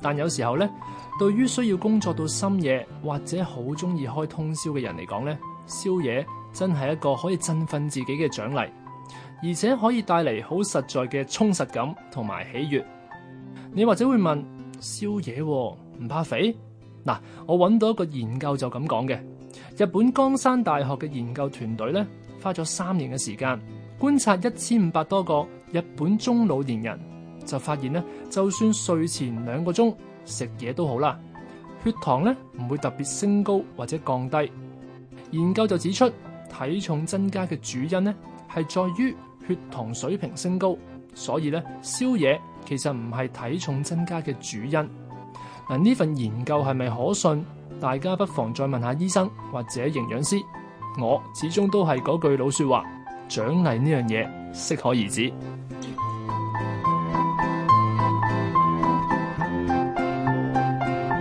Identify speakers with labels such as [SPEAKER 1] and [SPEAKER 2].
[SPEAKER 1] 但有時候咧，對於需要工作到深夜或者好中意開通宵嘅人嚟講咧，宵夜真係一個可以振奮自己嘅獎勵，而且可以帶嚟好實在嘅充實感同埋喜悅。你或者會問宵夜喎，唔怕肥？嗱，我揾到一個研究就咁講嘅，日本江山大學嘅研究團隊咧，花咗三年嘅時間觀察一千五百多個日本中老年人。就發現咧，就算睡前兩個鐘食嘢都好啦，血糖咧唔會特別升高或者降低。研究就指出，體重增加嘅主因咧係在於血糖水平升高，所以咧宵夜其實唔係體重增加嘅主因。嗱，呢份研究係咪可信？大家不妨再問下醫生或者營養師。我始終都係嗰句老說話：獎勵呢樣嘢適可而止。